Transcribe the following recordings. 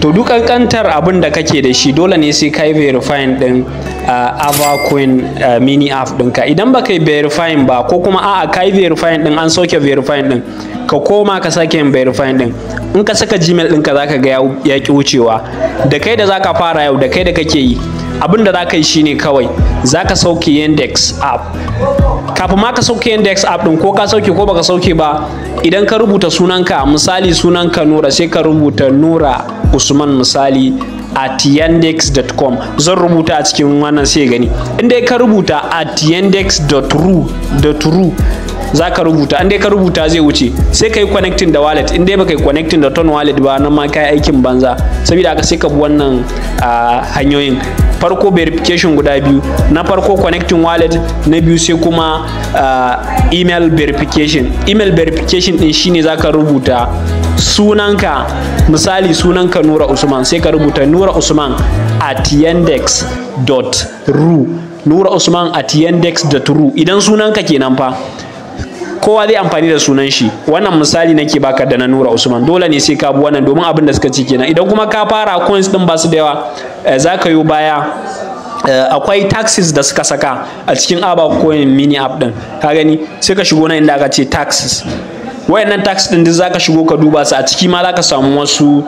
to duk kankantar abin da kake da shi dole ne sai kai verifying din uh, ah, avacoin ah, mini app ɗinka idan baka yi verifying ba ko kuma a'a kai verifying din an soke verifying din ka koma ka sake yin verifying din in ka saka gmail ɗinka zaka ga ya ki wucewa da kai da zaka fara yau da kai da kake yi abin da zaka yi shine kawai zaka sauke yandex app kafin ma ka sauke yandex app din ko ka sauke ko baka sauke ba idan ka rubuta sunanka misali sunanka nura sai ka rubuta nura usman misali at yandex.com zan rubuta a cikin wannan sai gani inda ka rubuta at yandex.ru za ka rubuta an dai ka rubuta zai wuce sai ka yi connecting da wallet in dai baka yi connecting da ton wallet ba nan ma ka aikin banza saboda haka sai ka bi wannan hanyoyin farko verification guda biyu na farko connecting wallet na biyu sai kuma email verification email verification din shine za ka rubuta sunanka misali sunanka nura usman sai ka rubuta nura usman at ru nura usman at yandex.ru idan sunanka kenan fa kowa zai amfani da sunan shi wannan misali nake baka da na Nura Usman dole ne sai ka bi wannan domin abin da suka ci kenan idan kuma ka fara coins din ba su da yawa eh, za ka yi baya eh, akwai taxes da suka saka a cikin aba coin mini app din ka gani sai ka shigo nan inda aka ce taxes wayannan tax din duk zaka shigo ka duba su a ciki ma zaka samu wasu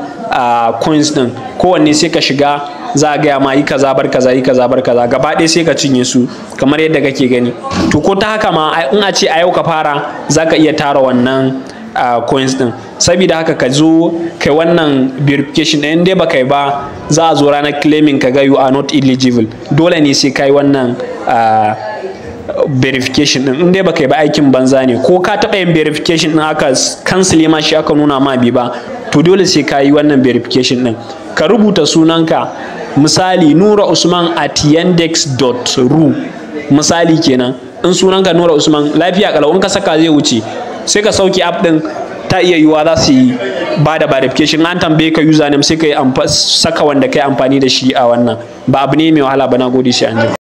coins din kowanne sai ka shiga za a gaya ma yi kaza bar kaza yi kaza bar kaza gaba ɗaya sai ka cinye su kamar yadda kake gani to ko ta haka ma in a ce a yau ka fara zaka iya tara wannan a uh, coins din saboda haka ka zo kai wannan verification din dai baka yi ba za a zo ranar claiming ka ga you are not eligible dole ne sai kai wannan uh, verification din in dai baka yi ba aikin banza ne ko ka taba yin verification din aka kansile ma shi aka nuna ma bi ba to dole sai ka yi wannan verification din ka rubuta sunanka misali nura usman at yandex.ru misali kenan in sunanka nura usman lafiya kalau in ka saka zai wuce sai ka sauke app din ta iya yiwa za su yi ba da verification an tambaye ka username sai ka saka wanda kai amfani da shi a wannan ba abu ne mai wahala ba na gode shi an